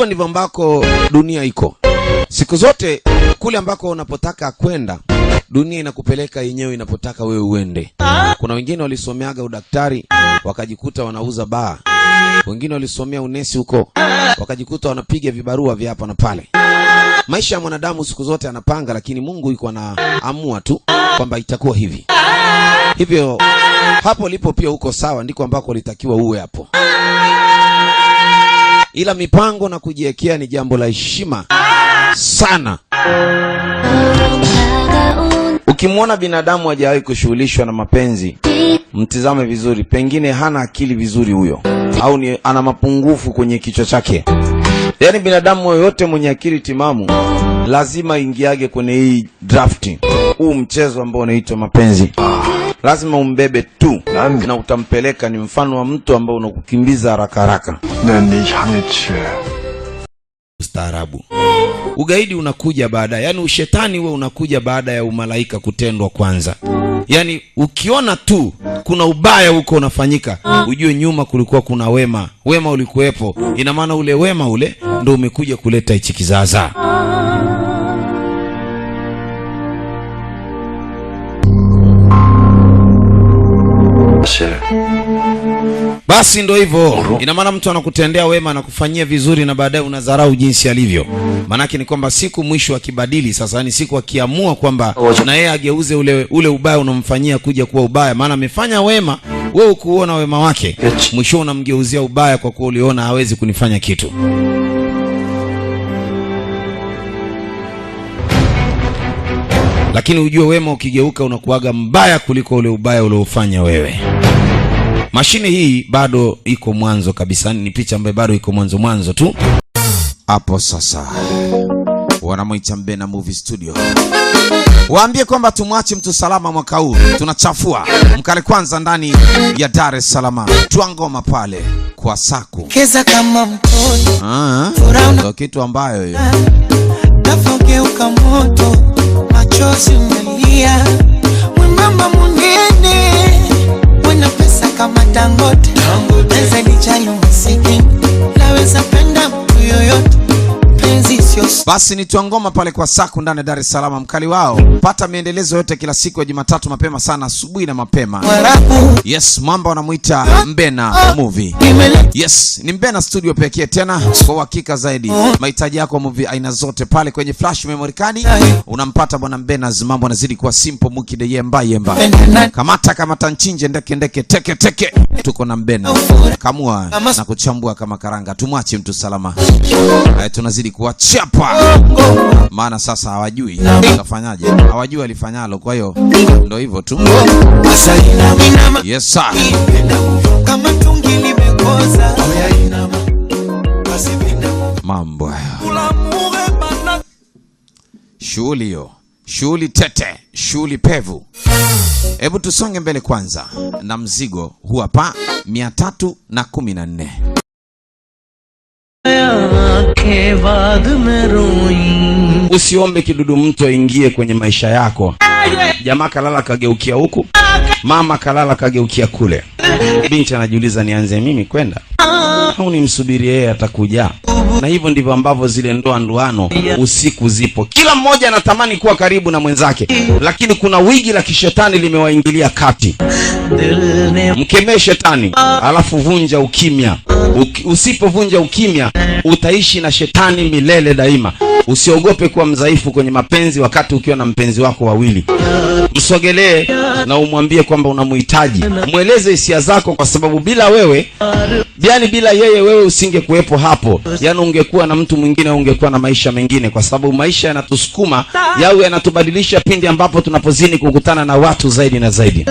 Hivyo ndivyo ambako dunia iko siku zote, kule ambako unapotaka kwenda dunia inakupeleka yenyewe inapotaka wewe uende. Kuna wengine walisomeaga udaktari wakajikuta wanauza baa, wengine walisomea unesi huko wakajikuta wanapiga vibarua vya hapa na pale. Maisha ya mwanadamu siku zote anapanga, lakini Mungu yuko anaamua tu kwamba itakuwa hivi. Hivyo hapo lipo pia huko sawa, ndiko ambako litakiwa uwe hapo ila mipango na kujiwekea ni jambo la heshima sana. Ukimwona binadamu hajawahi kushughulishwa na mapenzi, mtizame vizuri, pengine hana akili vizuri huyo, au ni ana mapungufu kwenye kichwa chake. Yaani binadamu yoyote mwenye akili timamu lazima ingiage kwenye hii drafti, huu mchezo ambao unaitwa mapenzi lazima umbebe tu Nani, na utampeleka. Ni mfano wa mtu ambao unakukimbiza haraka haraka. Ustaarabu, ugaidi unakuja baada yaani ushetani we unakuja baada ya umalaika kutendwa kwanza. yani ukiona tu kuna ubaya huko unafanyika, ujue nyuma kulikuwa kuna wema, wema ulikuwepo. Ina maana ule wema ule ndo umekuja kuleta hichi kizaazaa. Basi ndo hivyo, ina maana mtu anakutendea wema anakufanyia vizuri, na baadaye unadharau jinsi alivyo. Maanake ni kwamba siku mwisho akibadili, sasa ni siku akiamua kwamba na yeye ageuze ule, ule ubaya unamfanyia kuja kuwa ubaya, maana amefanya wema wewe ukuona wema wake, mwisho unamgeuzia ubaya kwa kuwa uliona hawezi kunifanya kitu. Lakini ujue wema ukigeuka unakuwaga mbaya kuliko ule ubaya uliofanya wewe. Mashine hii bado iko mwanzo kabisa, ni picha ambayo bado iko mwanzo mwanzo tu hapo. Sasa wanamwita Mbena Movie Studio, waambie kwamba tumwache mtu salama mwaka huu, tunachafua mkale kwanza ndani ya Dar es Salaam, ngoma pale kwa saku keza kama mkono, ah, kitu ambayo hiyo Basi ni tuangoma pale kwa Saku ndani ya Dar es mkali wao. Pata miendelezo yote kila siku ya Jumatatu mapema sana, asubuhi na mapema. Yes, mamba wanamuita Mbena Movie. Yes, ni Mbena studio pekee, tena kwa uhakika zaidi. Mahitaji yako movie aina zote pale kwenye flash memory unampata bwana Mbena. Mambo anazidi kuwa simple, mukideyembayemba, kamata kamata, nchinje ndeke ndeke, teke teke tuko na mbena kamua na kuchambua kama karanga. Tumwache mtu salama, tunazidi kuwachapa, maana sasa hawajui tafanyaje, hawajui alifanyalo. Kwa hiyo ndo hivyo tu. Yes sir. Mambo shughuli hiyo, shughuli tete, shughuli pevu. Hebu tusonge mbele kwanza na mzigo huwa pa mia tatu na kumi na nne Usiombe kidudu mtu aingie kwenye maisha yako. Jamaa kalala kageukia huku, mama kalala kageukia kule, binti anajiuliza nianze mimi kwenda Ah, unimsubiri yeye, atakuja. Na hivyo ndivyo ambavyo zile ndoa ndoano usiku zipo, kila mmoja anatamani kuwa karibu na mwenzake, lakini kuna wigi la kishetani limewaingilia kati. Mkemee shetani, alafu vunja ukimya. Usipovunja ukimya, utaishi na shetani milele daima. Usiogope kuwa mdhaifu kwenye mapenzi wakati ukiwa na mpenzi wako wawili. Msogelee na umwambie kwamba unamhitaji, mweleze hisia zako, kwa sababu bila wewe, yani bila yeye wewe usingekuwepo hapo, yani ungekuwa na mtu mwingine, ungekuwa na maisha mengine, kwa sababu maisha yanatusukuma yawe yanatubadilisha pindi ambapo tunapozini kukutana na watu zaidi na zaidi.